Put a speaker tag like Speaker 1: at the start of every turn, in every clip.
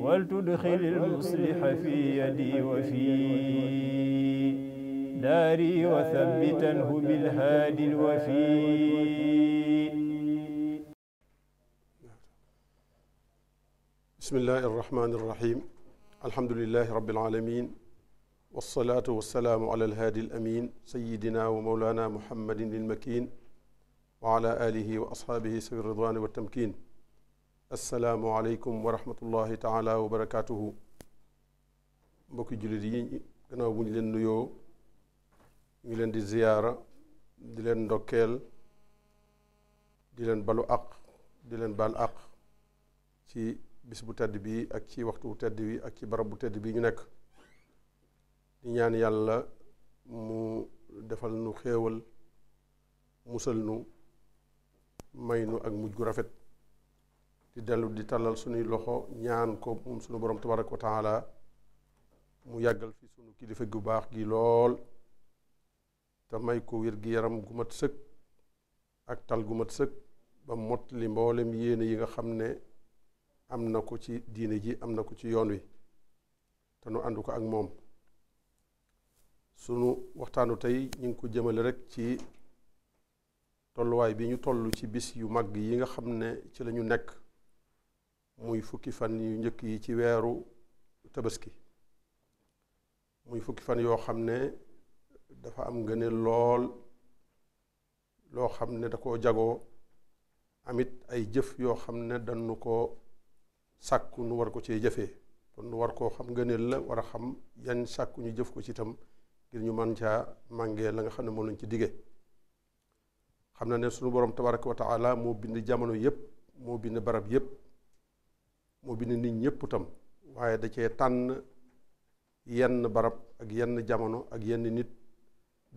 Speaker 1: ولتدخل المصلح في يدي وفي داري وثبتنه بالهادي الوفي
Speaker 2: بسم الله الرحمن الرحيم الحمد لله رب العالمين والصلاة والسلام على الهادي الأمين سيدنا ومولانا محمد المكين وعلى آله وأصحابه سوي الرضوان والتمكين asalaamualeykum wa rahmatullahi taala wa barakaatuhu mbokki jullit yi gannaaw bu ñu leen nuyoo ñu ngi leen di ziyaara di leen ndokkeel di leen balu aq di leen baal àq ci bis bu tedd bi ak ci waxtu bu tedd bi ak ci barab bu tedd bi ñu nekk di ñaan yàlla mu defal nu xéewal musal nu may nu ak mujj gu rafet di dellu di tàllal suñuy loxo ñaan ko moom suñu borom tabaraka wa taala mu yàggal fi sunu kilifa gu baax gi lool te may ko wér-gi-yaram gu mat sëkk ak tal gu mat sëkk ba mot li mboolem yéene yi nga xam ne am na ko ci diine ji am na ko ci yoon wi te nu ànd ko ak moom sunu waxtaanu tey ñu ngi ko jëmale rek ci tolluwaay bi ñu toll ci bis yu mag yi nga xam ne ci la ñu nekk muy fukki fan yu njëkk yi ci weeru tabaski muy fukki fan yoo xam ne dafa am gëne lool loo xam ne da koo jagoo amit ay jëf yoo xam ne dañu ko sàkku nu war ko cee jëfee kon nu war koo xam gëneel la war a xam yan sàkku ñu jëf ko ci itam ngir ñu mën caa màngee la nga xam ne moom lañ ci digge xam na ne sunu borom tabaraka wa taala moo bind jamono yépp moo bind barab yépp moo bind nit ñëpp itam waaye da cee tànn yenn barab ak yenn jamono ak yenn nit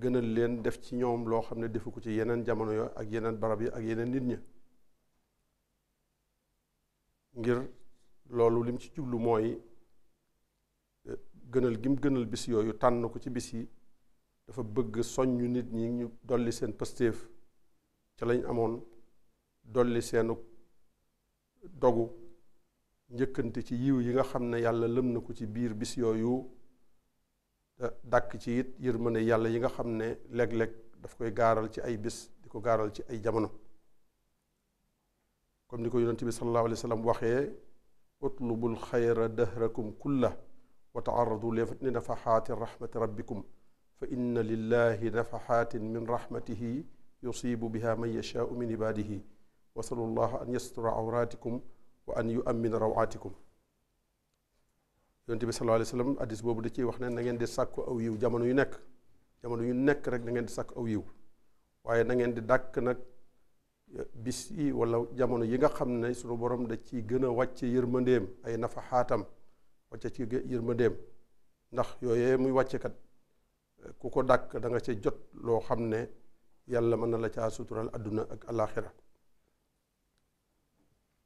Speaker 2: gënal leen def ci ñoom loo xam ne defu ko ci yeneen jamono yo ak yeneen barab yi ak yeneen nit ñi ngir loolu lim ci jublu mooy eh, gënal gim gënal bis yooyu tànn ko ci bis yi dafa bëgg soññu nit ñi ñu dolli seen pëstéef ca lañ amoon dolli seenu dogu njëkkante ci yiw yi nga xam ne yàlla lëm na ko ci biir bis yooyu dàkk ci it yërmande yàlla yi nga xam ne léeg-léeg daf koy gaaral ci ay bis di ko gaaral ci ay jamono comme ni ko yonent bi sallallahu alayhi wa sallam waxee utlubul xayra dahrakum kulla wa taaradu li nafaxaati rahmati rabbikum fa inna lillahi nafaxaatin min rahmatihi yusibu biha man yashaau min ibaadihi wasalu allah an yastura awraatikum wa an yu amin rawaatikum yonte bi sallallahu alayhi wasallam addis boobu da ciy wax ne na ngeen di sàkku aw yiw jamono yu nekk jamono yu nekk rek na di sàkk aw yiw waaye na ngeen di dàkk nag bis yi walla jamono yi nga xam ne sunu boroom da ciy gën a wàcce yërmandeem ay nafaxaatam wàcce ci yërmandeem ndax yooyee muy wàcce kat ku ko dàkk da nga ca jot loo xam ne yàlla mën na la caa sutural àdduna ak alaaxira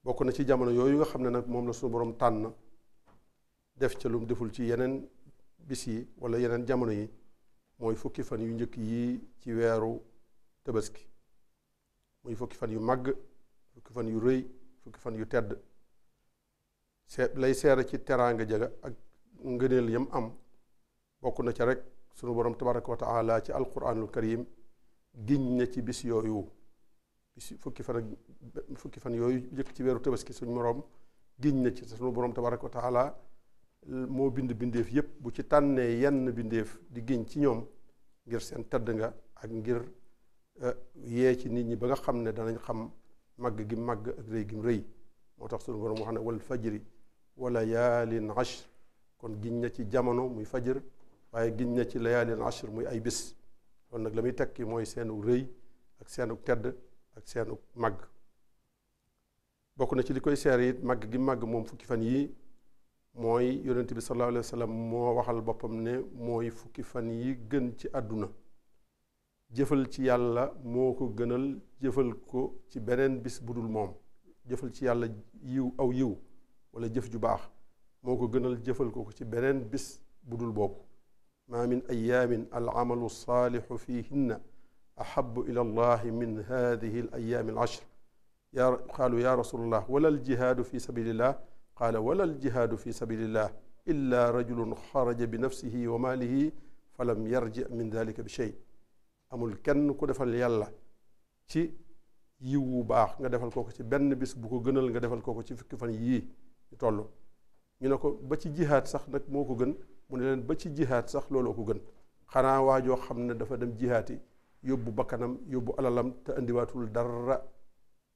Speaker 2: bokk na ci jamono yooyu nga xam ne nag moom la suñu borom tànn def ca lum deful ci yeneen bis yi wala yeneen jamono yi mooy fukki fan yu njëkk yi ci weeru tabaski mooy fukki fan yu màgg fukki fan yu rëy fukki fan yu tedd see lay seere ci teraanga jaga ak ngëneel yam am bokk na ca rek sunu borom tabaraka wa taala ci alquranul karim giñ na ci bis yooyu fukki fan fukki fan yooyu jëkk ci weeru tabaski suñ moroom giñ na ci suñu borom tabaraka wa taala moo bind bindeef yépp bu ci tànnee yenn bindéef di giñ ci ñoom ngir seen tedd nga ak ngir eh, yee ci nit ñi ba nga xam ne danañ xam màgg gi màgg ak rëy gim rëy moo tax suñu borom wax ne wal fajri wa layaalin ashr kon giñ na ci jamono muy fajr waaye giñ na ci layaalin ashr muy ay bis kon nag la muy tekki mooy seenu rëy ak seenu tedd ak seenu màgg bokk na ci li koy seer it màgg gi màgg moom fukki fan yii mooy yonent bi sallallahu alayhi wa moo waxal boppam ne mooy fukki fan yi gën ci àdduna jëfal ci yàlla moo ko gënal jëfal ko ci beneen bis bu dul moom jëfal ci yàlla yiw aw yiw wala jëf ju baax moo ko gënal jëfal ko ci beneen bis bu dul boobu maa min ayaamin al amalu saalixu fihinna ahabu ila allahi min hadihi al ayaami al ashr ya qaalu ya rasulallah wala aljihaadu fi sabilillah qaala wala aljihaadu fi sabilillah illa rajulun xaraja bi nafsihi wa maalihi falam yarji min dalika bi shay amul kenn ku defal yàlla ci yiw wu baax nga defal kooko ci benn bis bu ko gënal nga defal kooko ci fukki fan yii ñu toll ñu ne ko ba ci jihaad sax nag moo ko gën mu ne leen ba ci jihaad sax looloo ko gën xanaa waajoo xam ne dafa dem jihaati yóbbu bakkanam yóbbu alalam te indiwaatul dara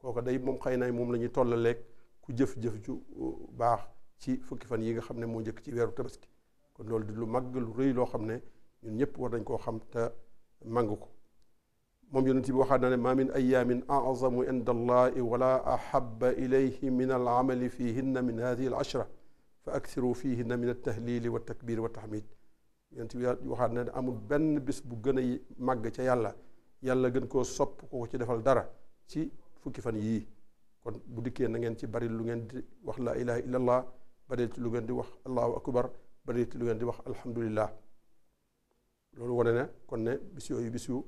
Speaker 2: kooku day moom xëy na moom la ñuy tollaleeg ku jëf-jëf ju uh, baax ci fukki fan yi nga xam ne moo njëkk ci weeru tabaski kon loolu di lu màgg lu rëy loo xam ne ñun ñëpp war nañ koo xam te màng ko moom yonent bi waxaat na ne maa min ayaamin azamu inda allahi wala ahaba ilayhi min al amali fihinna min hadihi al ashra fa aksiru fihinna min altahlili wa takbir yonent bi waxaat na amul benn bis bu gën a màgg ca yàlla yàlla gën koo sopp ko ci defal dara ci fukki fan yii kon bu dikkee na ngeen ci bari lu ngeen di wax laa ilaha illallah bari lu ngeen di wax allahu akbar bari lu ngeen di wax alhamdulillah loolu wone na kon ne bis yooyu bis yu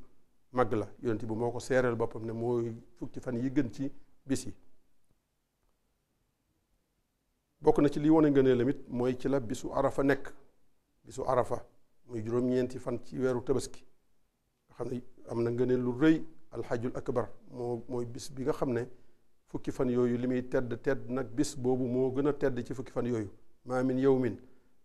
Speaker 2: màgg la yonent bi moo ko seereel boppam ne mooy fukki fan yi gën ci bis yi bokk na ci li wone ngëneelam it mooy ci la bisu arafa nekk bisu arafa muy juróom-ñeenti fan ci weeru tabaski nga xam ne am na ngëneel lu rëy alxajul akbar moo mooy bis bi nga xam ne fukki fan yooyu li muy tedd tedd nag bis boobu moo gën a tedd ci fukki fan yooyu maa min yawmin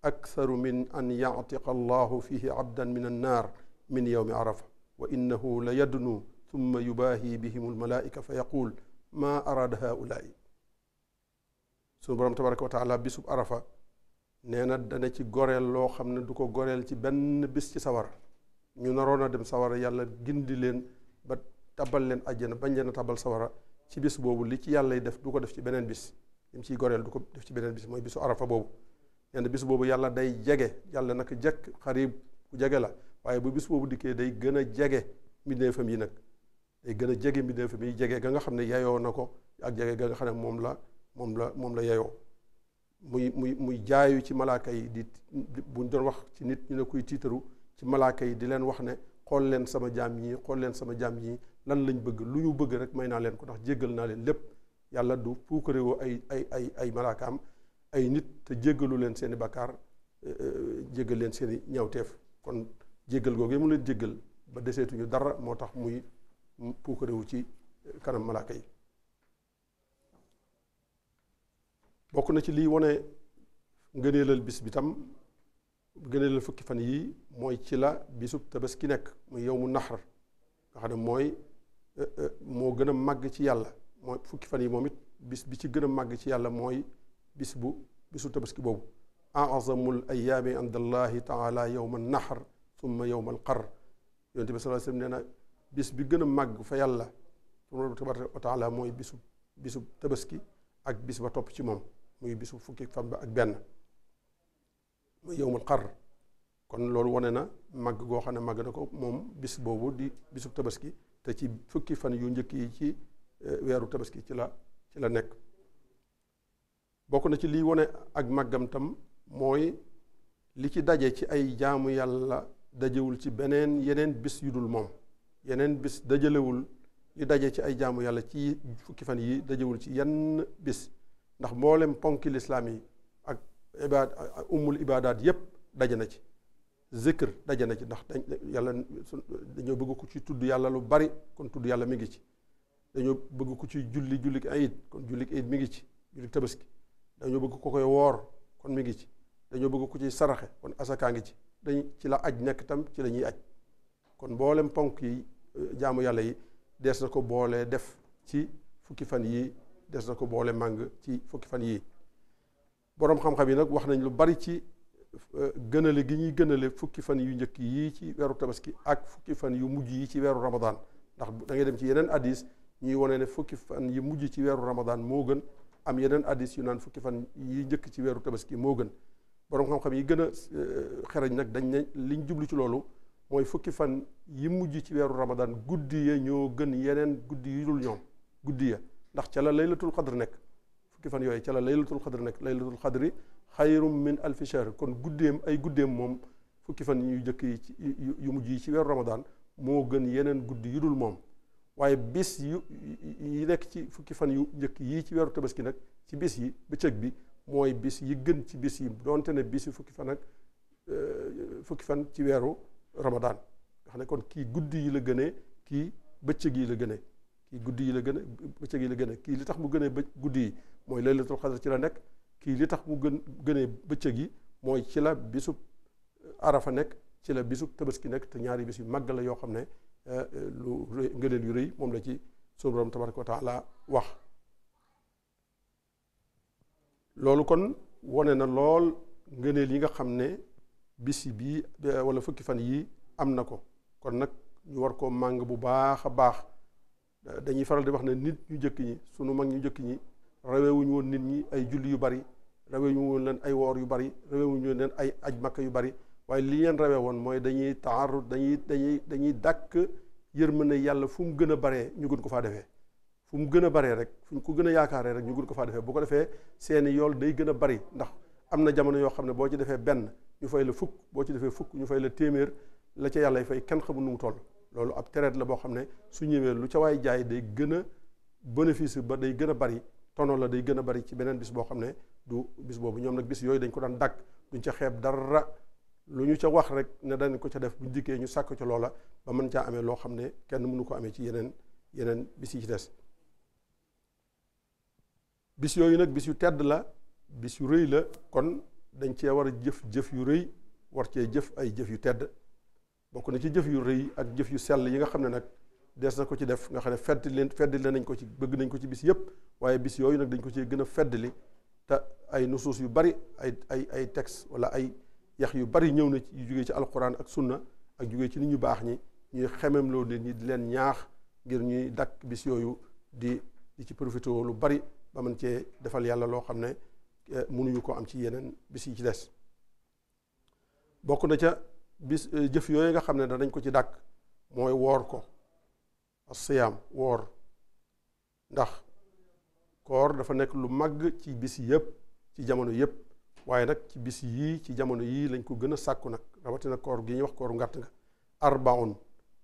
Speaker 2: aktharu min an yatiqa allahu fihi abdan min annaar min yawmi arafa wa innahu la yadnu thumma yubaahi bihim almalaika fa yaquul maa araada haulaai sunu boroom tabaraka wa taala bisub arafa nee na dana ci goreel loo xam ne du ko goreel ci benn bis ci sawara ñu naroon a dem sawara yàlla gindi leen ba tabal leen àjjana bañ leen a tabal sawara ci bis boobu li ci yàlla def du ko def ci beneen bis lim ciy goreel du ko def ci beneen bis mooy bisu arafa boobu nee na bis boobu yàlla day jege yàlla nag jekk xarib bu jege la waaye bu bis boobu dikkee day gën a jege mbindeefam yi nag day gën a jege mbindeefam yi jege ga nga xam ne yayoo na ko ak jege ga nga moom la moom la moom la yayoo muy muy muy jaayu ci malaaka yi di buñ doon wax ci nit ñu ne kuy tiitaru ci malaaka yi di leen wax ne xool leen sama jaam yi xool leen sama jaam yi lan lañ bëgg lu ñu bëgg rek may naa leen ko ndax jéggal naa leen lépp yàlla du puukarewoo ay ay ay ay malaakaam ay nit te jéggalu leen seeni bakkaar eh, eh, jéggal leen seeni ñawteef kon jéggal googu mu leen jéggal ba deseetuñu dara moo tax muy puukarewu ci kanam malaaka yi bokk na ci liy wane ngëneelal bis bi tam ngëneelal fukki fan yii mooy ci la bisub tabaski nekk muy yow mu naxar nga xam ne mooy e, e, moo gën a màgg ci yàlla mooy fukki fan yi moom it bis bi ci gën a màgg ci yàlla mooy bis bu bisu tabaski boobu azamul ayaami indallahi taala yowma naxar summa yowma alqar yonent bi sallallahu alayhi wasallam nee na bis bi gën a màgg fa yàlla tabaraka wa taala mooy bisu bisu tabaski ak bis ba topp ci moom muy bisu fukki fan ba ak benn muy yowmul xar kon loolu wane na màgg goo xam ne màgg na ko moom bis boobu di bisu tabaski te ci fukki fan yu njëkk yi ci eh, weeru tabaski ci la ci la nekk bokk na ci liy wane ak màggam tam mooy li ci daje ci ay jaamu yàlla dajewul ci beneen yeneen bis yu dul moom yeneen bis dajalewul li daje ci ay jaamu yàlla ci fukki fan yi dajewul ci yenn bis ndax mboolem ponki lislaam yi ak ibaad umul ibaadaat yépp daje na ci zikr daje na ci ndax dañ yàlla dañoo bëgg ko ci tudd yàlla lu bari kon tudd yàlla mi ngi ci dañoo bëgg ku ci julli jullik ayid kon jullik ayid mi ngi ci jullik tabaski dañoo bëgg ko koy woor kon mi ngi ci dañoo bëgg ko ci saraxe kon asakaa ngi ci dañ ci la aj nekk tam ci lañuy ñuy aj kon mboolem ponk yi jaamu yàlla yi dees na ko boolee def ci fukki fan yi des na ko boole màng ci fukki fan yii boroom xam-xam yi nag wax nañ lu bari ci euh, gënale gi ñuy gënale fukki fan yu njëkk yii ci weeru tabaski ak fukki fan yu mujj yi ci weeru ramadan ndax da ngay dem ci yeneen addis ñuy wane ne fukki fan yi mujj ci weeru ramadan moo gën am yeneen addis yu naan fukki fan yi njëkk ci weeru tabaski moo gën boroom xam-xam yi gën a euh, xerañ nag dañ ne liñ jublu ci loolu mooy fukki fan yi mujj ci weeru ramadan guddi ya ñoo gën yeneen guddi yu dul ñoom guddi ya ndax ca la laylatul xadr nekk fukki fan yooyu ca la laylatul xadr nekk laylatul xadri xayrum min alfi shahr kon guddeem ay guddeem moom fukki fan yu njëkk yi ci yu mujj yi ci weeru ramadaan moo gën yeneen guddi yu moom waaye bis yu yi nekk ci fukki fan yu njëkk yii ci weeru tabaski nag ci bis yi bëccëg bi mooy bis yi gën ci bis yi doonte ne bis yi fukki fan ak euh, fukki fan ci weeru ramadaan nga xam ne kon kii guddi yi la gënee kii bëccëg yi la gëne kii guddi yi la gën a bëccëg yi la gën a kii li tax mu gënee bëcc guddi yi mooy laylatul xadar ci la nekk kii li tax mu gën gënee bëccëg yi mooy ci la bisub euh, arafa nekk ci la bisub tabaski nekk te ñaari bis yu màgg la yoo xam ne euh, lu ngëneel rëy moom la ci sunu borom tabaraka wa wax loolu kon wone na lool ngëneel yi nga xam ne bisi bii euh, wala fukki fan yi am na ko kon nag ñu war koo màng bu baax a baax dañuy faral di wax ne nit ñu jëkk ñi sunu mag ñu jëkk ñi rawewuñu woon nit ñi ay julli yu bari ñu woon leen ay woor yu bari rawewuñu leen ay aj makka yu bari waaye li leen rawe woon mooy dañuy taarut dañuy dañuy dañuy dàkk na yàlla fu mu gën a baree ñu gën ko faa defee fu mu gën a baree rek fu ñu ko gën a yaakaaree rek ñu gën ko faa defee bu ko defee seeni yool day gën a bari ndax am na jamono yoo xam ne boo ci defee benn ñu fay l fukk boo ci defee fukk ñu fay la téeméer la ca yàlla fay kenn xamul nu mu toll loolu ab traite la boo xam ne su ñëwee lu ca waay jaay day gën a bénéfice ba day gën a bari tono la day gën a bari ci beneen bis boo xam ne du bis boobu ñoom nag bis yooyu dañ ko daan dàkk duñ ca xeeb dara lu ñu ca wax rek ne dañ ko ca def bu njikkee ñu sàkk ca loola ba mën caa amee loo xam ne kenn mënu ko amee ci yeneen yeneen bis yi ci des bis yooyu nag bis yu tedd la bis yu rëy la kon dañ cee war a jëf jëf yu rëy war cee jëf ay jëf yu tedd bokk na ci jëf yu rëy ak jëf yu sell yi nga xam ne nag des na ko ci def nga xam ne feddli leen feddli nañ ko ci bëgg nañ ko ci bis yëpp waaye bis yooyu nag dañ ko ci gën a feddli te ay nusuus yu bari ay ay ay texte wala ay yax yu bari ñëw na yu jógee ci alquran ak sunna ak jugee ci nit ñu baax ñi ñuy xemem loo nit ñi di leen ñaax ngir ñuy dakk bis yooyu di di ci profité lu bari ba mën cee defal yàlla loo xam ne eh, mënuñu ko am ci yeneen bis yi ci des bokk na ca bis euh, jëf yooyu nga xam ne danañ ko ci dàkk mooy woor ko asiyaam woor ndax koor dafa nekk lu màgg ci bis yëpp ci jamono yëpp waaye nag ci bis yii ci jamono yii lañ ko gën a sàkku nag rawatina koor gi ñu wax kooru ngatt nga arbaun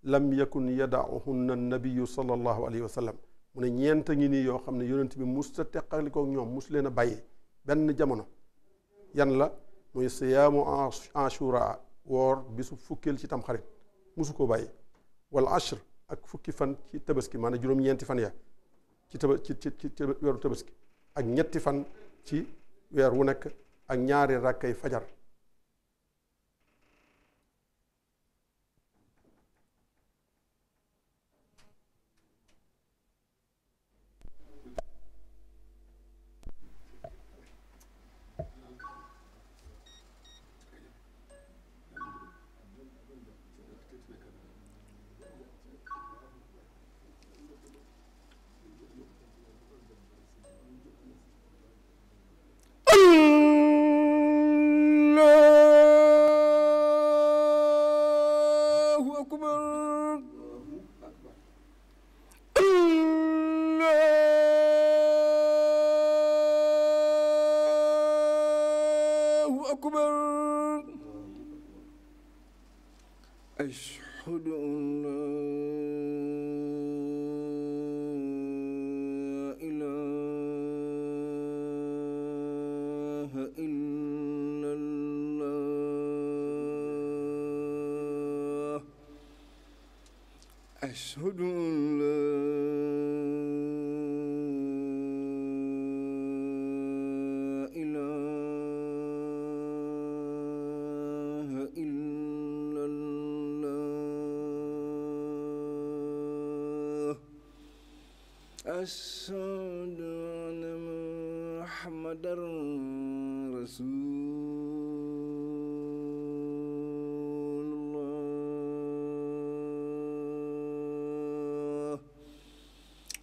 Speaker 2: lam yakun yadaahunna nabiyu sallallahu alayhi wa sallam mu ne ñeent ngi nii yoo xam ne yonent bi mus ta teqalikook ñoom mus leen a bàyyi benn jamono yan la muy siyaamu ashura woor bisu fukkeel ci tamxarit musu ko bàyyi wala ashr ak fukki fan ci tabaski maanaam juróom-ñeenti fan ya ci taba ci ci weeru tabaski ak ñetti fan ci weer wu nekk ak ñaari rakkay fajar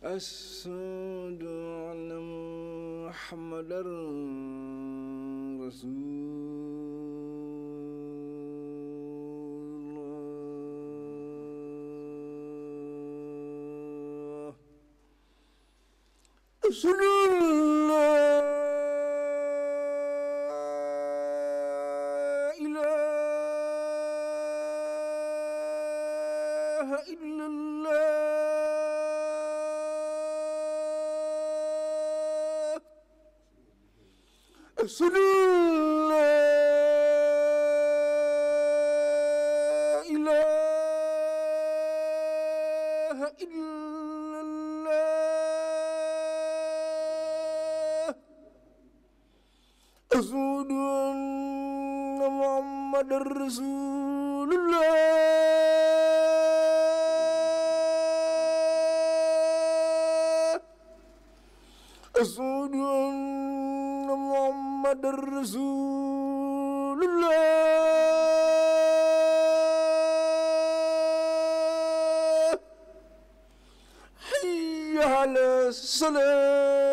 Speaker 3: أشهد أن محمدا رسول الله أشهد sunu laa ilaaha illallaah ashhadu anna muhammadan rasuulullaah محمد رسول الله حي على الصلاه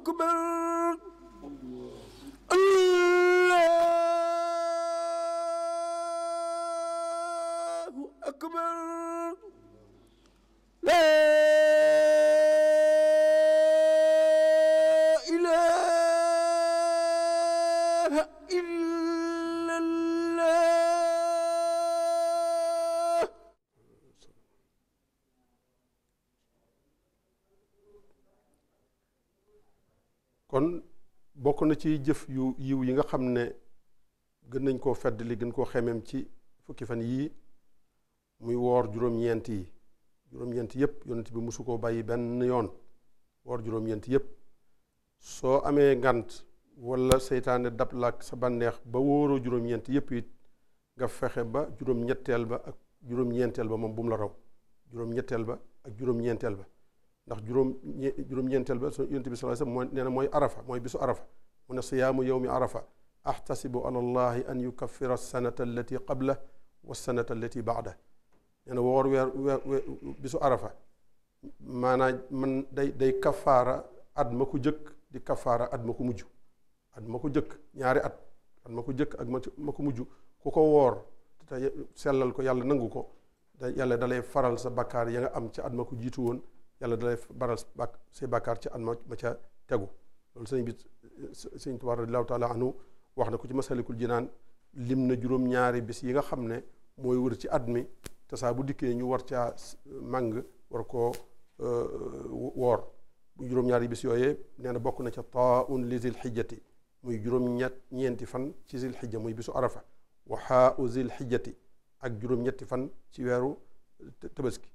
Speaker 3: أكبر
Speaker 2: na ci jëf yu yiw yi nga xam ne gën nañ koo fedd li gën koo xemem ci fukki fan yii muy woor juróom-ñeent yi juróom-ñeent yépp yonent bi mosu koo bàyyi benn yoon woor juróom-ñeent yépp soo amee ngant wala seytaane dab laak sa bànneex ba wóoroo juróom-ñeent it nga fexe ba juróom ba ak juróom-ñeenteel ba moom bu la raw juróom-ñetteel ba ak juróom-ñeenteel ba ndax juróom juróom-ñeenteel ba so yonent bi sallallahu alayhi wasallam mooy nee na mooy arafa mooy bisu arafa mu ne siyaamu yowmi arafa axtasibu ala allahi an yukaffira sanata allati qabla wa sanata allati baada nee na woor weer weer bisu arafa maanaam man day day kafaara at ma ko jëkk di kafaara at ma ko mujj at ma ko jëkk ñaari at at ma ku jëkk ak ma ko mujj ku ko woor sellal ko yàlla nangu ko da yàlla dalay faral sa bakkaar ya nga am ci at ma ko jiitu woon yàlla dalay faral sa bakkaar ci at ma ma ca tegu loolu sëñ bi sëñ Tuubaa radiyallaahu taala wax na ko ci masalikul jinaan lim na juróom-ñaari bis yi nga xam ne mooy wër ci at mi te bu dikkee ñu war ca màng war ko euh, woor juróom-ñaari bis yooyee nee na bokk na ca taaun li zil xijjati muy juróom-ñett ñeenti fan ci zil xijja muy bisu arafa waxaa u zil xijjati ak juróom-ñetti fan ci weeru tabaski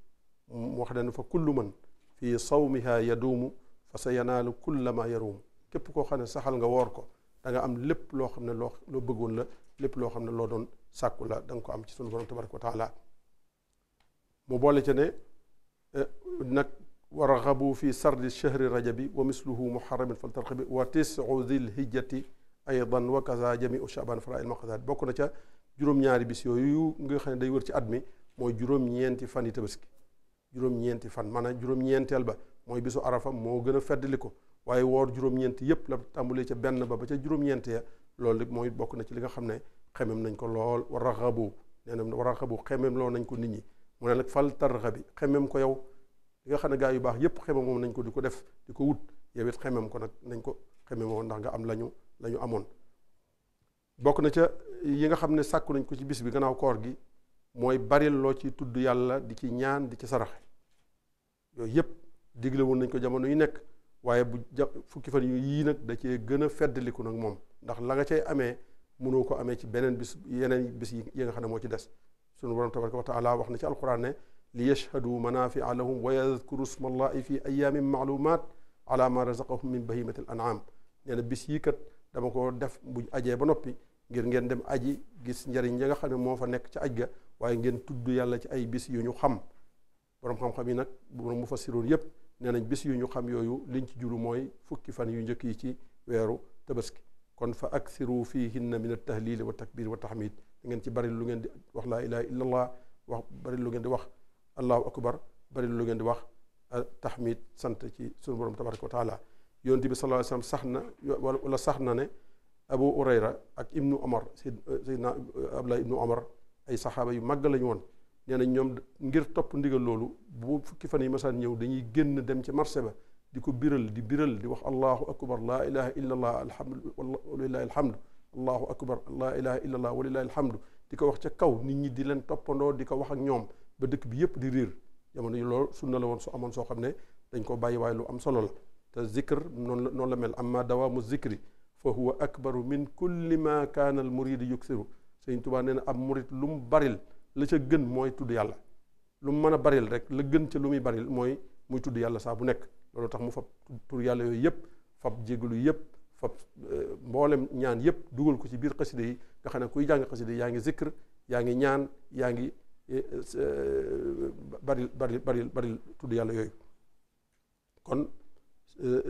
Speaker 2: mu wax ne fa kullu man fii sawmiha yaduumu fa sa yanaalu kulla ma yaruum képp koo xam ne saxal nga woor ko danga am lépp loo xam ne loo loo bëggoon la lépp loo xam ne loo doon sàkku la danga ko am ci sunu borom tabaraka wa taala mu boole ca ne eh, nag wa raxabu fi sardi chahri rajabi wa misluhu muharramin fal tarxabi wa tisu dil hijjati aydan wa kaza jamiu chaban fara il maqasad bokk na ca juróom-ñaari bis yooyu nga xam ne day wër ci at mi mooy juróom fan yi tabaski fan maanaam juróom-ñeenteel ba mooy bisu arafa moo gën a feddali ko waaye woor juróom-ñeent yépp la tàmbulee ca benn ba ba ca juróom-ñeent ya loolu mooy bokk na ci li nga xam ne xemeem nañ ko lool wa raxabu nee war wa raxabu xemem loo nañ ko nit ñi mu ne nag fal tarxa bi xemem ko yow li nga xam ne gaa yu baax yépp xemem moom nañ ko di ko def di ko wut yow it xemem ko nag nañ ko xememoo ndax nga am lañu la amoon bokk na ca yi nga xam ne sàkku nañ ko ci bis bi gannaaw koor gi mooy bari loo ci tudd yàlla di ci ñaan di ci saraxe yooyu yépp digle woon nañ ko jamono yi nekk waaye bu ja fukki fan yu yii nag da cee gën a feddaliku nag moom ndax la nga cay amee mënoo ko amee ci beneen bis yeneen bis yi nga xam ne moo ci des sunu borom tabaraka wa taala wax na ci alquran ne li yashhadu manafia lahum wa yadkuru smallahi fi ayamin maalumat ala ma razaqahum min bahimati al anam nee na bis yii kat dama ko def bu ajee ba noppi ngir ngeen dem aji gis njariñ ya nga xam ne moo fa nekk ci aj ga waaye ngeen tudd yàlla ci ay bis yu ñu xam borom xam-xam yi nag borom mu fassiroon yépp nee nañ bis yu ñu xam yooyu liñ ci juru mooy fukki fan yu njëkk yi ci weeru tabaski kon fa aksiru fihinna min at-tahlil wa takbir wa tahmid da ngeen ci bari lu ngeen di wax laa ilaha illa allah wax bari lu ngeen di wax allahu akbar bari lu ngeen di wax tahmid sant ci sunu borom tabaraka wa taala yonent bi sallallahu sax na wala sax na ne abu urayra ak ibnu omar sayyidna abdullah ibnu omar ay saxaaba yu màgg lañu woon nee nañ ñoom ngir topp ndigal loolu bu fukki fan yi masaan ñëw dañuy génn dem ci marché ba di ko biral di biral di wax allahu akbar laa ilaha illa allah alhamdu walilahi alhamdu allahu akbar laa ilaha illa allah walilahi alhamdu di ko wax ca kaw nit ñi di leen toppandoo di ko wax ak ñoom ba dëkk bi yépp di riir jamono loolu sunna la woon su amoon soo xam ne dañ ko bàyyi waaye lu am solo la te zikr noonu la noonu la mel amma dawaamu zikri fa huwa akbaru min kulli ma kaana al muridu yuksiru sëñ tubaa nee na ab lu mu baril la ca gën mooy tudd yàlla lu mu mën a baril rek la gën ca lu muy baril mooy muy tudd yàlla saa bu nekk loolu tax mu fab tur yàlla yooyu yëpp fab jégalu yëpp fab euh, mboolem ñaan yëpp dugal ko ci biir xaside yi nga xam ne kuy jàng xaside yi yaa ngi zikr yaa ngi ñaan yaa ngi euh, euh, baril baril baril baril tudd yàlla yooyu kon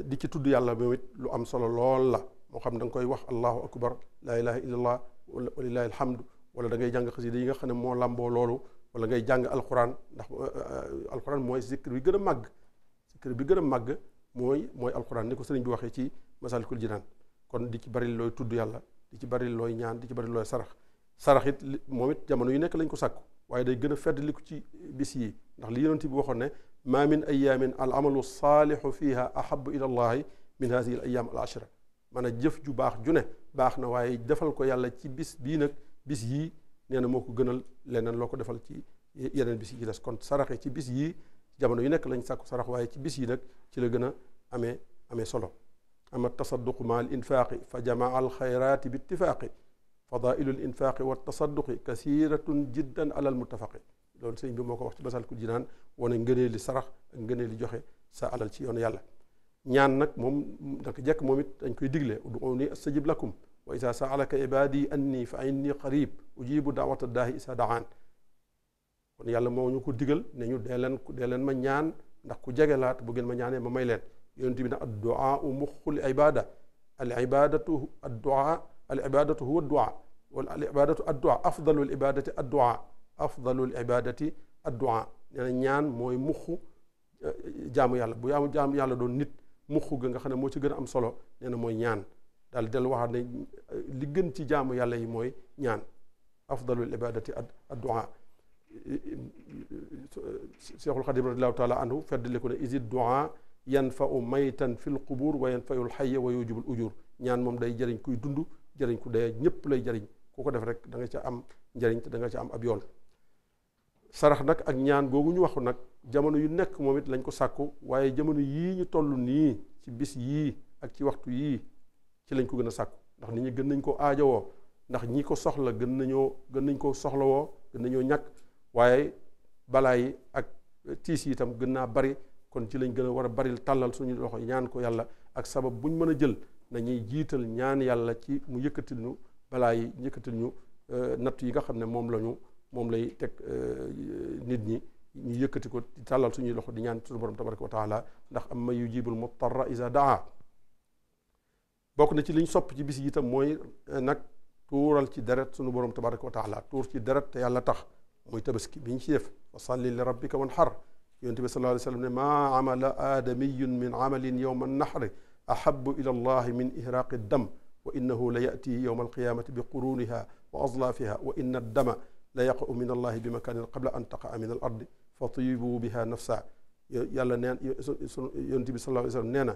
Speaker 2: di ci tudd yàlla moom it lu am solo lool la moo xam da nga koy wax allahu akbar la ilaha illallah walilahi alhamdu wala da ngay jàng xasida yi nga xam ne moo làmboo loolu wala ngay jàng alxuraan ndax euh, euh, alxuraan mooy zikr bi gën a màgg zikr bi gën a màgg mooy mooy alxuraan ni ko sëriñ bi waxee ci masalikul jinaan kon di ci bari looy tudd yàlla di ci bari looy ñaan di ci bari looy sarax sarax it moom it jamono yu nekk lañ ko sàkku waaye day gën a feddliku ci bis yi ndax li yonent bi waxoon ne ma min ayamin al amalu saalixu fiha ahabu ila allahi min hadihi al ayam al ashra maanaam jëf ju baax ju ne baax na waaye defal ko yàlla ci bis bii nag bis yii nee moo ko gënal leneen loo ko defal ci yeneen bis yi des kon saraxe ci bis yii jamono yu nekk lañ sàkku sarax waaye ci bis yi nag ci la gën a amee amee solo ama tasadduqu ma al infaaqi fa jamaa al xayraati bi ittifaaqi fadailu l infaaqi wa tasadduqi kasiratun jiddan ala al muttafaqi loolu sëñ bi moo ko wax ci Masaalikul Jinaan wane ngënee li sarax ak ngënee li joxe sa alal ci yoon yàlla ñaan nag moom naka jekk moom it dañ koy digle ud'uuni astajib lakum wa isa saalaka ibadi anni fa inni qarib ujibu daawata daahi isa daan kon yàlla moo ñu ko digal ne ñu dee leen dee leen ma ñaan ndax ku jege laat bu ngeen ma ñaanee ma may leen yonent bi na adduaa u muxul ibada al ibadatu adduaa al ibadatu huwa adduaa wal al ibadatu adduaa afdalu al ibadati adduaa afdalu al ibadati adduaa nee na ñaan mooy muxu eh, jaamu yàlla bu yaamu jaamu yàlla doon nit muxu ga nga xam ne moo ci gën a am solo nee na mooy ñaan daal dellu waxaat ne euh, li gën ci jaamu yàlla yi mooy ñaan afdalul ibadati addu'a cheikhul xadim radiallahu taala anhu feddali ko ne isid du'a yanfau maytan fil qubur fa yanfaul xayya wa yujibul ujur ñaan moom day jëriñ kuy dund jëriñ ku dee ñépp lay jariñ ku ko def rek danga ca am njariñ te da ca am ab yool sarax nag ak ñaan googu ñu waxu nag jamono yu nekk moom it lañ ko sàkku waaye jamono yii ñu toll nii ci bis yii ak ci waxtu yii ci lañ ko gën a sàkku ndax nit ñi gën nañ ko aajowoo ndax ñi ko soxla gën nañoo gën nañ ko soxlawoo gën nañoo ñàkk waaye balaa yi ak tiis yi itam gën naa bari kon ci lañ gën a war a bari tàllal suñu loxo ñaan ko yàlla ak sabab buñ mën a jël nañuy jiital ñaan yàlla ci mu yëkkatil ñu balaa yi yëkkatil ñu euh, natt yi nga xam ne moom lañu moom lay teg euh, nit ñi ñu yëkkati ko tàllal suñuy loxo di ñaan suñu borom tabaraka wa taala ndax amma ma muttarra iza daa bokk na ci liñ sopp ci bis yi itam mooy eh, nag tuural ci deret sunu borom tabaraka wa taala tuur ci deret te yàlla tax muy tabaski bi ñu ci def wa salli li rabbika wanhar yonent bi sallallahu alayhi wa sallam ne maa amala aadamiyun min amalin yowma annahri ahabu ila allah min ihraaqi dam wa innahu la yati yowma alqiyamati bi quruniha wa azlaafiha wa inna dama la yaqa'u min allahi bi makanin qabla an taqa'a min al ardi fa tibu biha nafsa yàlla neen yonent bi sallallahu alayhi wa sallam nee na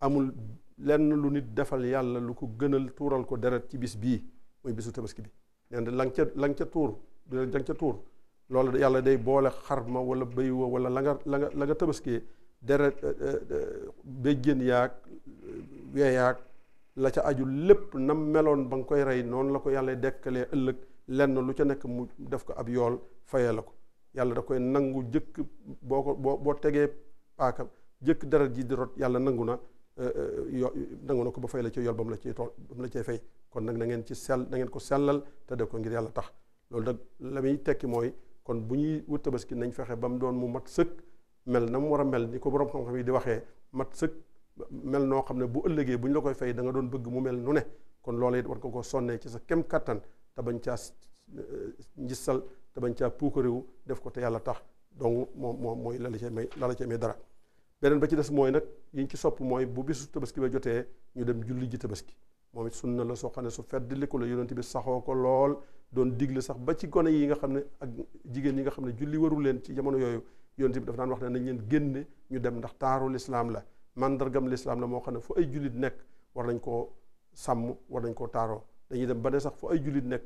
Speaker 2: amul lenn lu nit defal yàlla lu ko gënal tuural ko deret ci bis bii mooy bisu tabaski bi nee na lang ca lang ca tuur lang ca tuur loolu yàlla day boole xarma wala béy wa wala la nga la nga la nga deret euh, euh, euh, béjjén yaag weeyaag la ca aju lépp na meloon ba nga koy rey noonu la ko yàlla dekkalee ëllëg lenn lu ca nekk mu def ko ab yool fayee la ko yàlla da koy nangu jëkk boo ko boo boo tegee paaka jëkk deret ji di rot yàlla nangu na yo nangu na ko ba fay la ci yool ba mu la ciy tool ba mu la cay fay kon nag na ngeen ci sell na ngeen ko sellal te def ko ngir yàlla tax loolu nag la muy tekki mooy kon bu ñuy wut tabaski nañ fexe ba mu doon mu mat sëkk mel na mu war a mel ni ko borom xam-xam yi di waxee mat sëkk mel noo xam ne bu ëllëgee bu ñu la koy fay da nga doon bëgg mu mel nu ne kon loola it war nga ko sonnee ci sa kem kàttan te bañ caa eh, njissal te bañ caa puukariwu def ko te yàlla tax donc moom moom mooy la la cay may la la cay may dara beneen ba ci des mooy nag yiñ ci sopp mooy bu bisu tabaski ba jotee ñu dem julli ji tabaski moom it sunna la soo xam ne su fedd ko la yonent bi saxoo ko lool doon digle sax ba ci gone yi nga xam ne ak jigéen yi nga xam ne julli warul leen ci jamono yooyu yonent bi dafa daan wax ne nañ leen génne ñu dem ndax taaru lislaam la mandargam lislaam la moo xam ne foo ay jullit nekk war nañ koo sàmm war nañ koo taaroo dañuy dem ba ne sax fu ay jullit nekk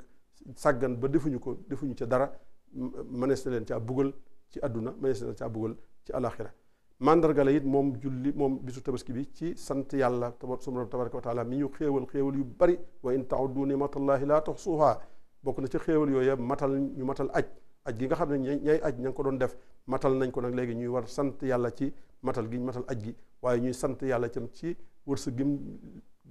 Speaker 2: sàggan ba defuñu ko defuñu ca dara mënees na leen caa bugal ci àdduna mënees caa bugal ci alaxira mandarga la it moom julli moom bisu tabaski bi ci sant yàlla sunu borom tabaraka wa taala mi ñu xéewal xéewal yu bari wa in tauddu nimatallahi laa tuxsuha bokk na ci yooyu yooya matal ñu matal aj aj gi nga xam ne ñay aj ña ngi ko doon def matal nañ ko nag léegi ñuy war sant yàlla ci matal gi ñu matal aj gi waaye ñuy sant yàlla tam ci wërsëg gim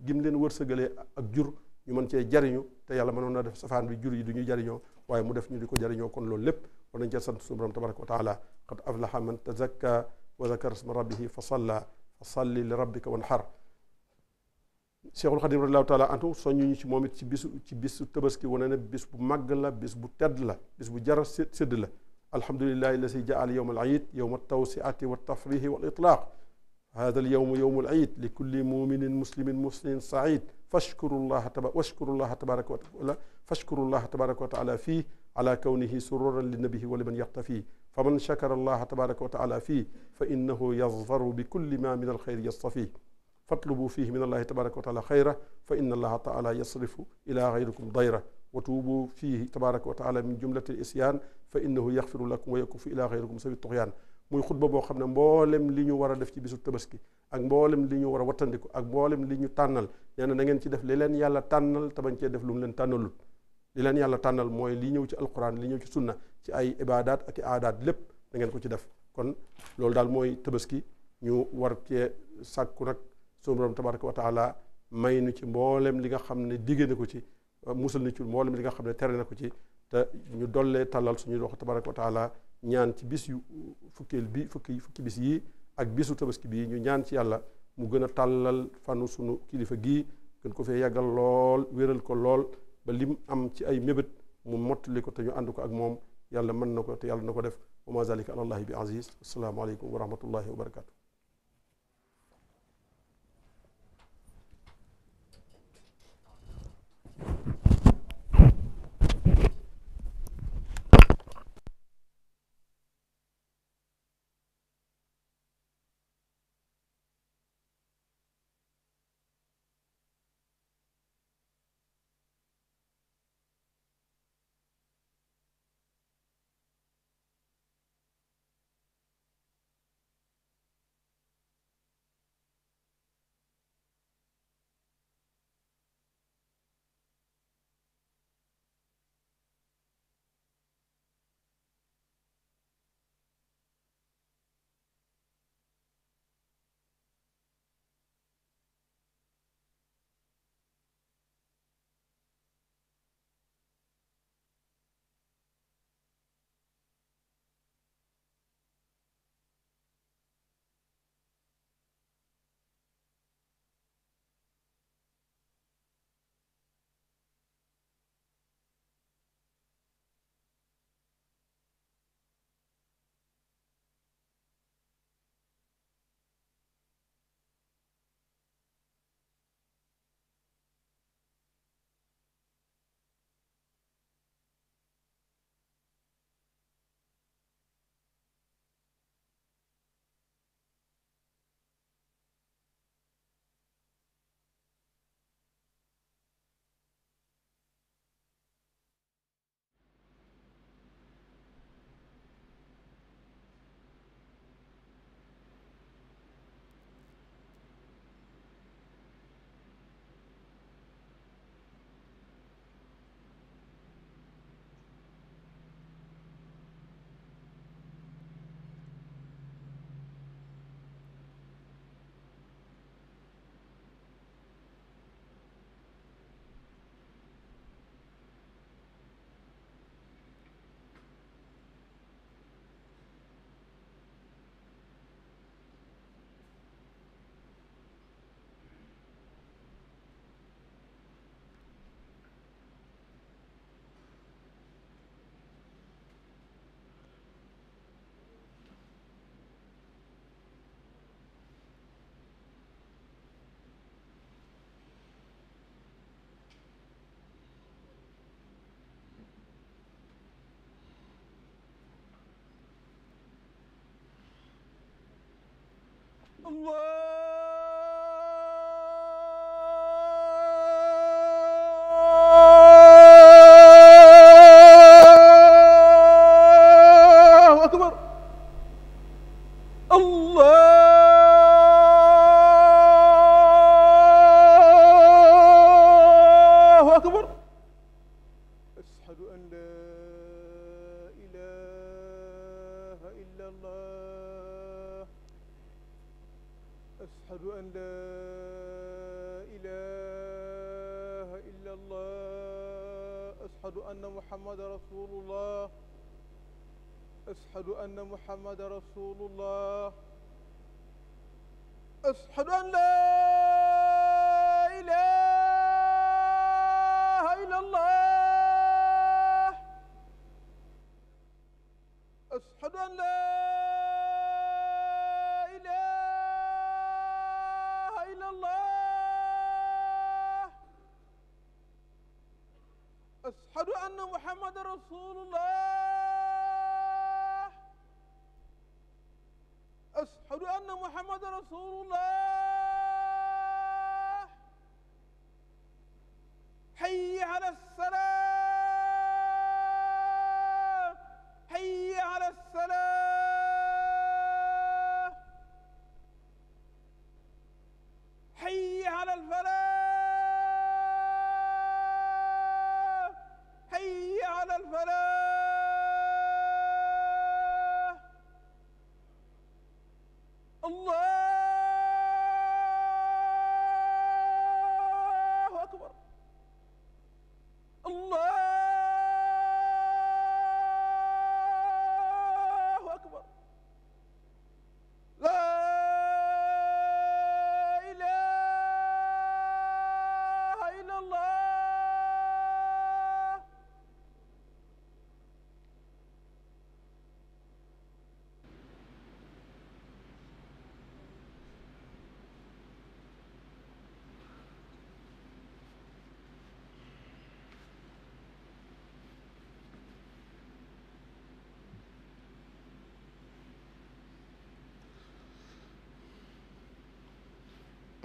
Speaker 2: gim leen wërsëgalee ak jur ñu mën cee jariñu te yàlla mënoon na def safaan bi jur yi du ñu jariñoo waaye mu def ñu di ko jariñoo kon loolu lépp war nañ cee sant sunu borom tabaraka wa taala wa dakara sma rabbihi fa salla fa salli li rabbika wanhar cheikhul xadim radiallahu taala antu soññu ñu ci moom it ci bisu ci bisu tabaski wane ne bis bu màgg la bis bu tedd la bis bu jara sédd la alhamdulilahi alladi jaal yowma alciid yowma altawsiati waltafrihi walitlaq hada alyowm yowmu alciid li kulli muminin muslimin muslin saciid fashkurullaha taba washkurullaha tabaraka wa taala fashkurullaha tabaraka wa taala fii ala kawnihi sururan li nabihi wa liman yaxtafi fa man chakara allaha tabaraka wa taala fii fa innahu yazfaru bi kulli ma min alxayr yastafi fatlubu fihi min allahi tabaraka wa taala xayra fa inna allaha taala yasrifu ila gayrikum dayra wa tuubu fihi tabaraka wa taala min jumlati isyan fa innahu yaxfiru lakum wa yakufu ila gayrikum sawi tuxyaan muy xutba boo xam ne mboolem li ñu war a def ci bisu tabaski ak mboolem li ñu war a wattandiku ak mboolem li ñu tànnal nee na na ngeen ci def li leen yàlla tànnal te bañ cee def lu mu leen tànnalul li leen yàlla tànnal mooy li ñëw ci alquran li ñëw ci sunna ci ay ibadat ak i aadaat lépp dangeen ko ci def kon loolu daal mooy tabaski ñu war cee sàkku nag sunu borom tabaraka wa taala ci mboolem li nga xam ne diggee ko ci euh, musal ni ci mboolem li nga xam ne tere na ko ci te ñu dollee tàllal suñu loxo tabaraka wa taala ñaan ci bis yu fukkeel bi fukki fukki bis yii ak bisu tabaski bii ñu ñaan ci yàlla mu gën a tàllal fanu suñu kilifa gii gën ko fee yàggal lool wéral ko lool ba lim am ci ay mébét mu mottali ko te ñu ànd ko ak moom yàlla mën na ko te yàlla na ko def wa ma zalika ala allahi bi aziz assalaamu aleykum wa rahmatullahi wa barakatu
Speaker 3: الله أن محمد رسول الله أشهد أن لا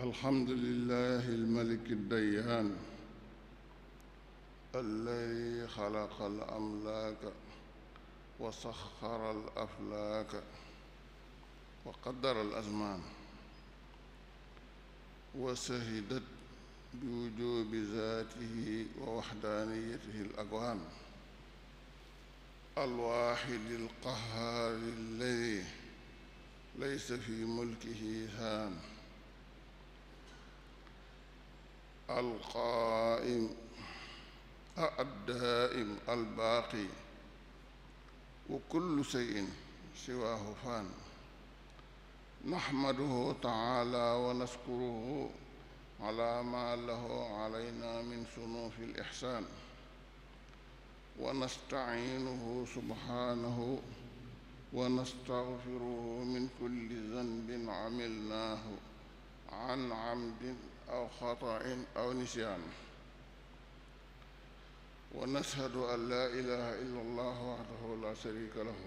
Speaker 1: الحمد لله الملك الديان الذي خلق الأملاك وسخر الأفلاك وقدر الأزمان وسهدت بوجوب ذاته ووحدانيته الأكوان الواحد القهار الذي ليس في ملكه هام alqaaim addaim albaaqi wa kullu sheyin siwaahu faan naxmaduhu taala wa naskuruhu ala ma lahu alayna min sunuufi alixsaan wa nastaciinuhu subhaanahu wa nastagfiruhu min kulli zanbin camilnaahu an camdin أو خطأ أو نسيان ونشهد أن لا إله إلا الله وحده لا شريك له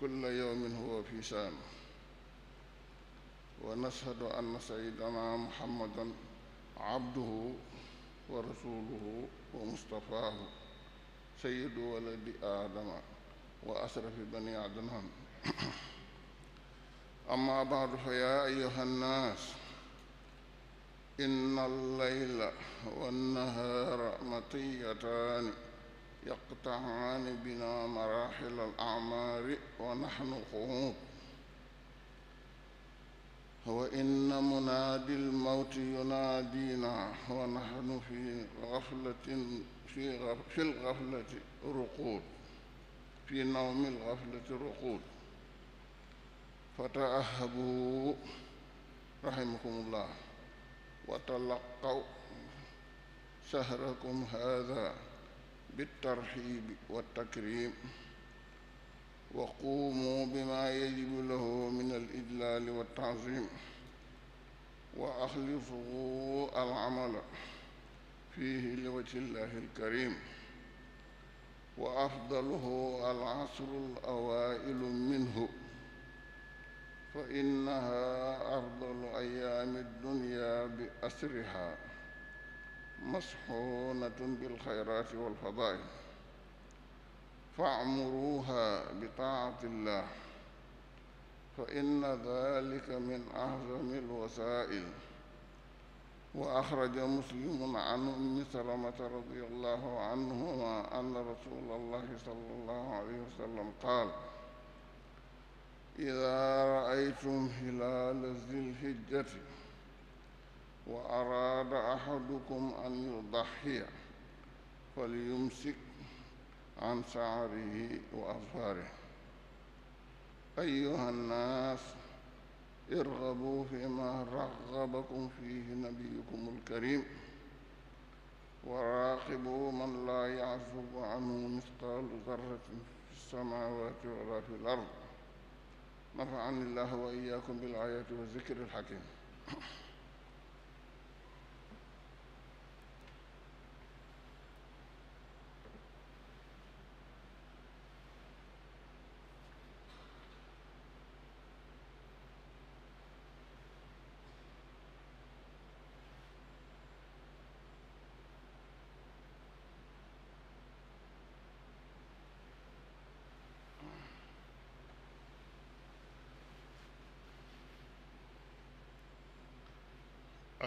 Speaker 1: كل يوم هو في شان ونشهد أن سيدنا محمدا عبده ورسوله ومصطفاه سيد ولد آدم وأشرف بني آدم أما بعد فيا أيها الناس إن الليل والنهار مطيتان يقطعان بنا مراحل الأعمار ونحن قعود وإن منادي الموت ينادينا ونحن في غفلة في, غف في الغفلة رقود في نوم الغفلة رقود فتأهبوا رحمكم الله وتلقوا شهركم هذا بالترحيب والتكريم وقوموا بما يجب له من الإجلال والتعظيم وأخلفوا العمل فيه لوجه الله الكريم وأفضله العصر الأوائل منه fa innaha afdalu ayaami dunya bi asriha masxuunatun bilxayraati walfadail faacmuruuha bi taatillah fa inna dalika min ahzami alwasail wa axraja muslimun an ummi salamata radiallahu anhuma anna rasula allahi sal allahu alayhi wa sallam qaal إذا رأيتم هلال ذي الحجة وأراد أحدكم أن يضحي فليمسك عن شعره وأظفاره أيها الناس ارغبوا فيما رغبكم فيه نبيكم الكريم وراقبوا من لا يعزب عنه مثقال ذرة في السماوات ولا في الأرض nafaani llahu wa iyaakum bil aayaati wa zikri al hakim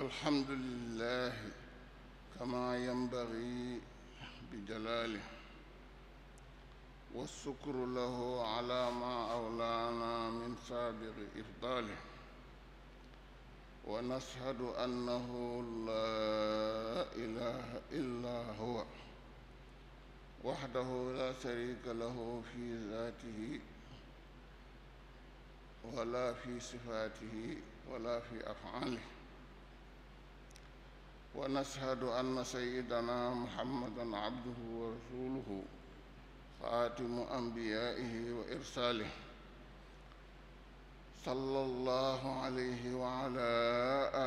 Speaker 1: الحمد لله كما ينبغي بجلاله والشكر له على ما أولانا من سابق إفضاله ونشهد أنه لا إله إلا هو وحده لا شريك له في ذاته ولا في صفاته ولا في أفعاله ونشهد أن سيدنا محمدا عبده ورسوله خاتم أنبيائه وإرساله صلى الله عليه وعلى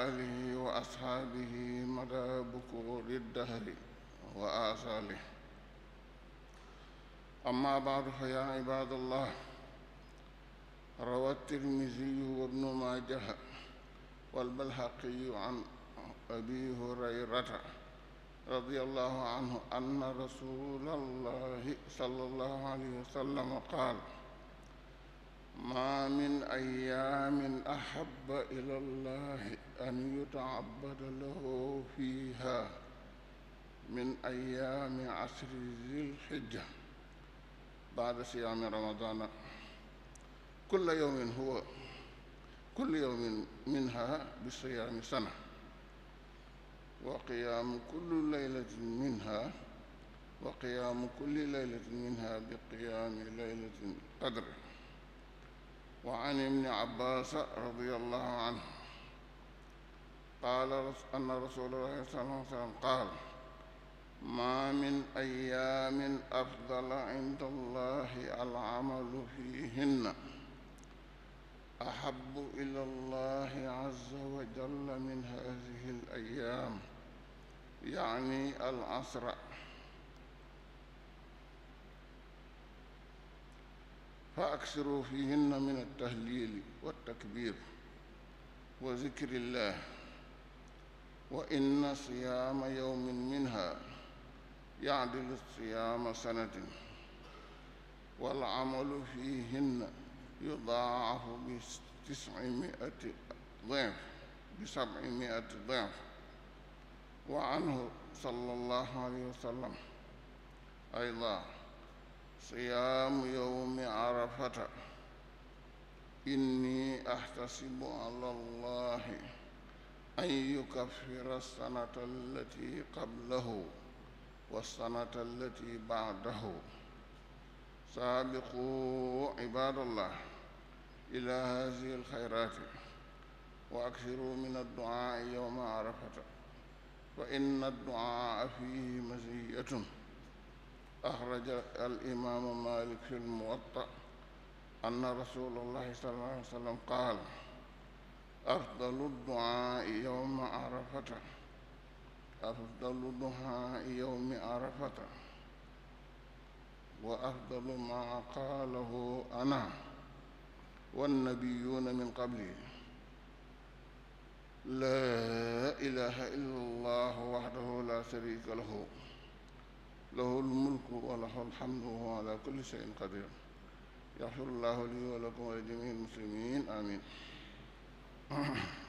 Speaker 1: آله وأصحابه مدى بكور الدهر وآثاره أما بعد فيا عباد الله روى الترمذي وابن ماجه والبلحقي عن abi hurayrata radiyallahu anhu anna rasulallahi sallallahu alayhi wa sallam qaal ma min ayaamin ahabba ila llahi an yuta'abbada lahu fiha min ayaami asri zilhijja baada siyaami ramadana kulla yawmin huwa kulla yawmin minha bi siyaami sana wa qiyaamu kulli laylatin minha wa qiyaamu kulli laylatin minha bi qiyaami laylatil qadri wa an ibni abbaas radiyallahu anhu qaala anna rasuulallahi sallallahu alayhi wa sallam qaala maa min ayyaamin afdala inda llaahi al-amalu fiihinna ahabbu ilaa llaahi azza wa jalla min haazihil ayyaam yaani al asra fa aksiru fihinna min altahlili waltakbir wa zikrillah wa inna siyaama yawmin minha yacdilu siyaama sanatin walcamalu fihinna yudaacafu bi tiscimiati diif bi sabcimiati diif وعنه صلى الله عليه وسلم أيضا صيام يوم عرفة إني أحتسب على الله أن يكفر السنة التي قبله والسنة التي بعده سابقوا عباد الله إلى هذه الخيرات وأكثروا من الدعاء يوم عرفة wa inna duaa fihi maziyatun axraja alimaamu malik fi lmuwatta anna rasulallahi sallallahu alayhi wa sallam qaal afdalu duaai yowma arafata afdalu duaai yowmi arafata wa afdalu maa qaalahu ana wannabiyuuna min qabli laa ilaha illa allah waxdahu la sharika lahu lahu lmulku wa lahu alhamdu wa huwa ala kulli shay'in qadir yaxfirullahu li wa lakum wa li jamiil muslimin amin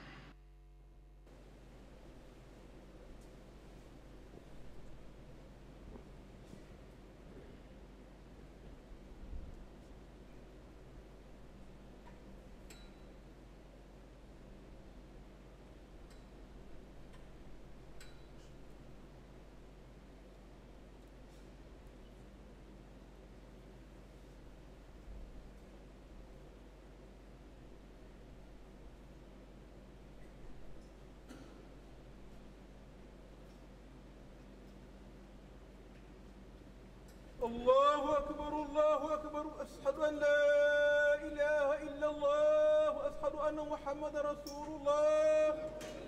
Speaker 3: أن لا إله إلا الله وأشهد أن محمد رسول الله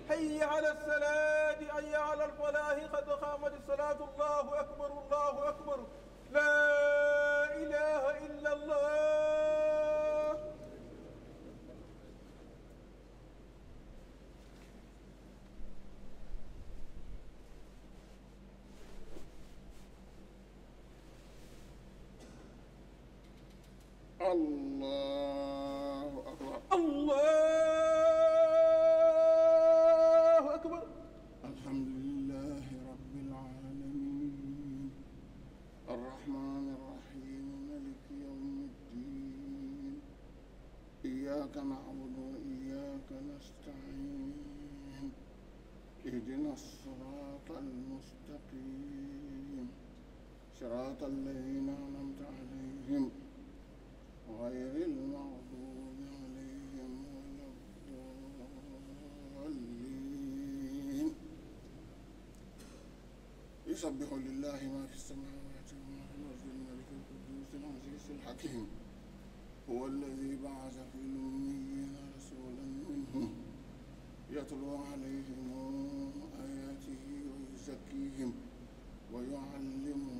Speaker 3: حي على الصلاة حي على الفلاح قد قامت الصلاة الله أكبر الله أكبر لا
Speaker 1: صراط الذين أنعمت عليهم غير المغضوب عليهم ولا الضالين يسبح لله ما في السماوات وما في الأرض الملك القدوس العزيز الحكيم هو الذي بعث في الأميين رسولا منهم يتلو عليهم آياته ويزكيهم ويعلمهم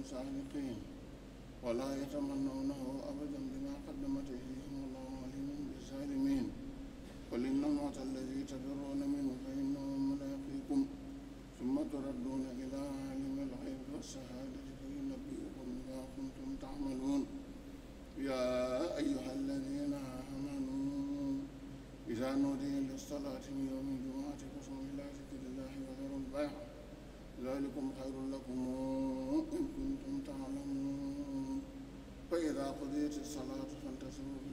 Speaker 1: موسى على اليقين ولا يتمنونه أبدا بما قدمت suñu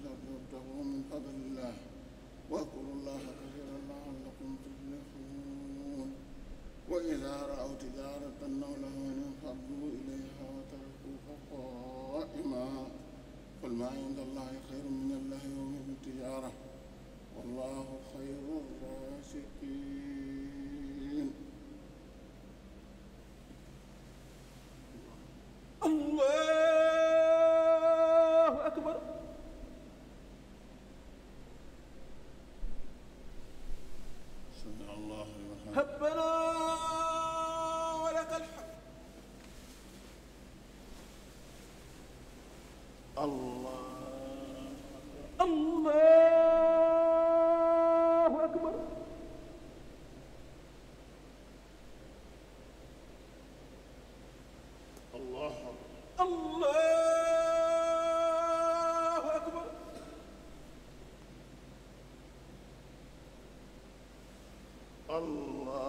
Speaker 3: allahu akbar allah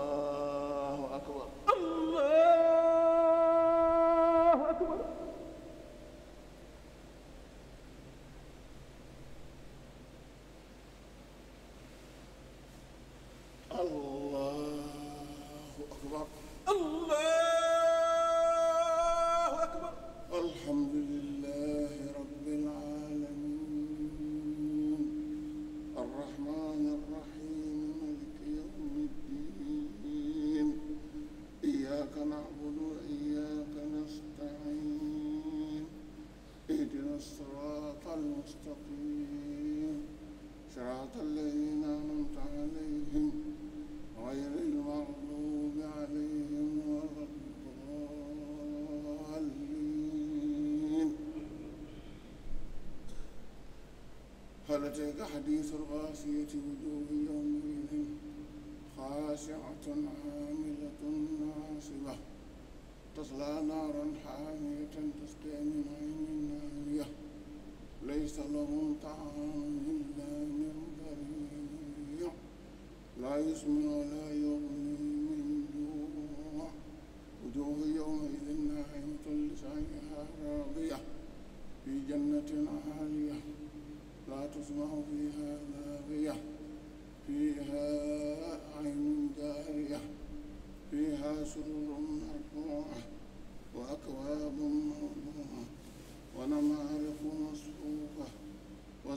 Speaker 1: ولديك حديث الغاشية وجوه يومئذ خاشعة عاملة ناصبة تصلى نارا حامية تسقى من عين نانية ليس لهم طعام إلا من ضريع لا يسمن ولا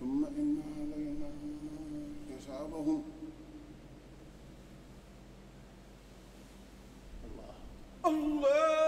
Speaker 1: ثم إن علينا حسابهم
Speaker 3: الله الله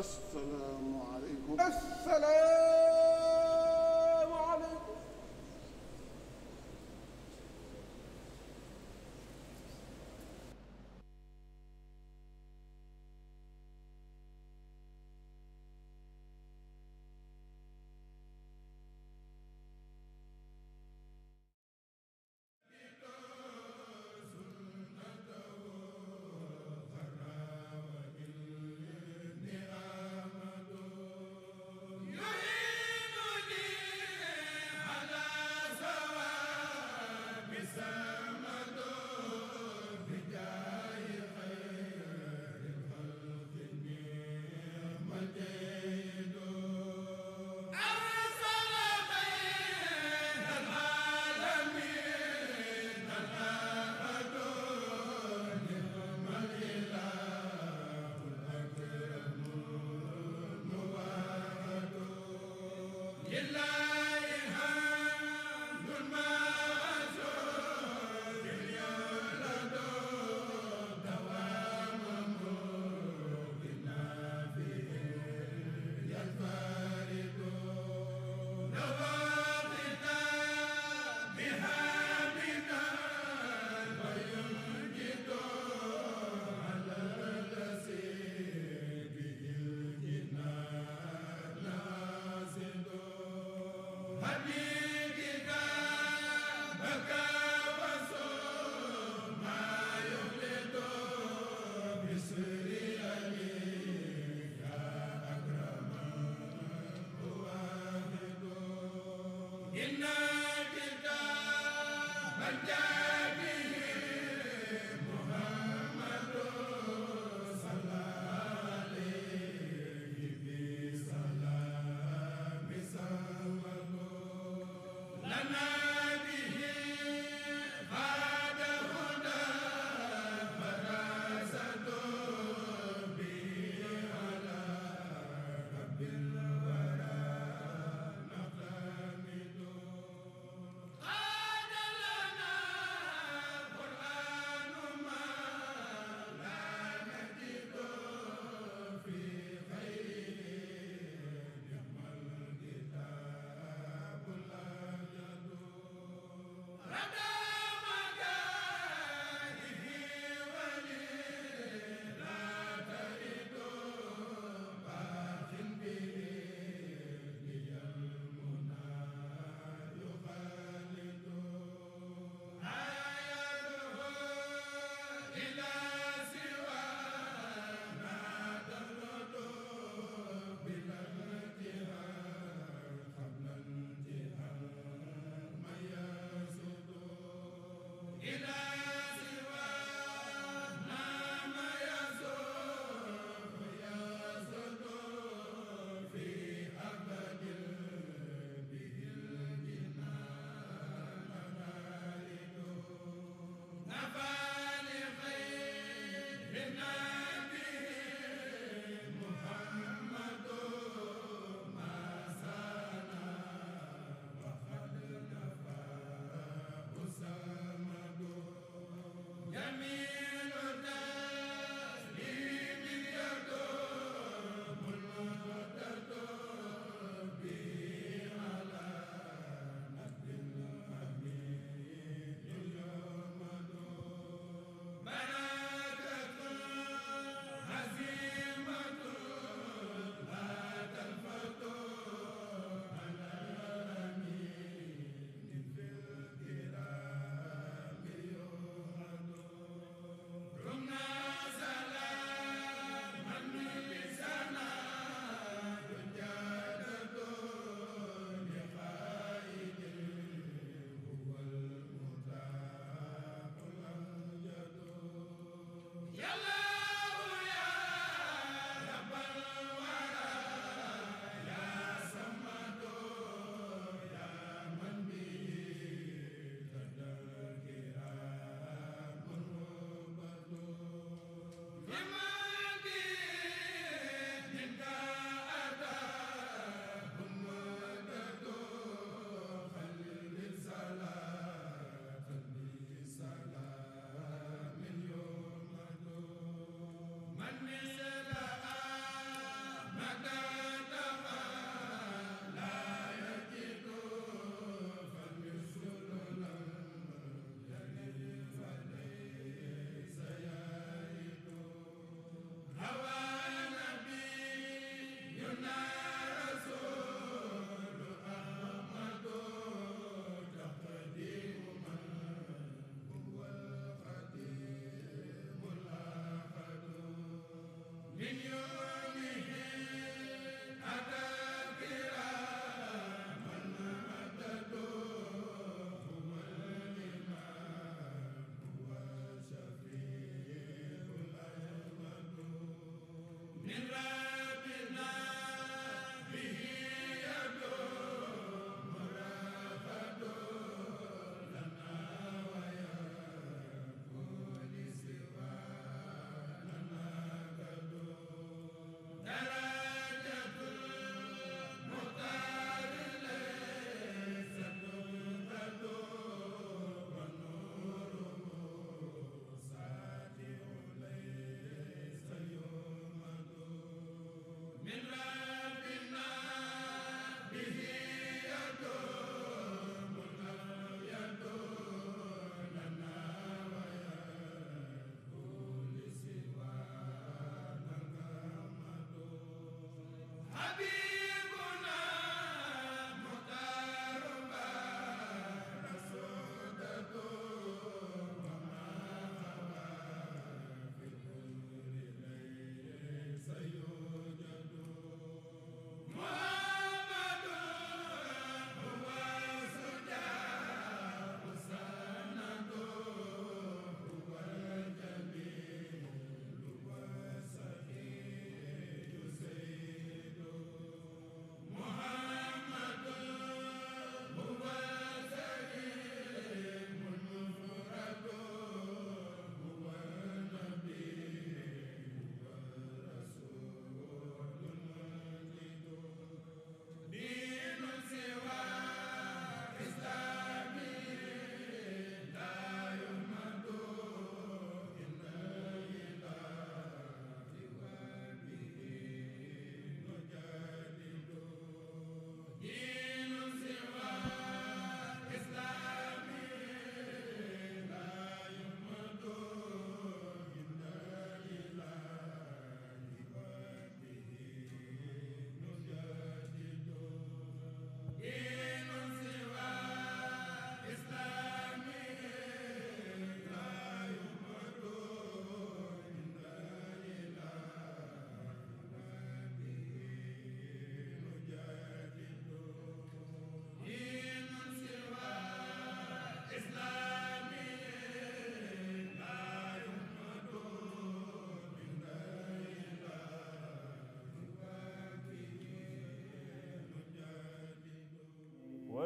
Speaker 1: assalaamu aleykum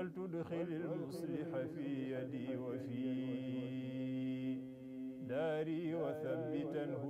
Speaker 1: ولتدخل المصلح في يدي وفي
Speaker 4: داري وثبته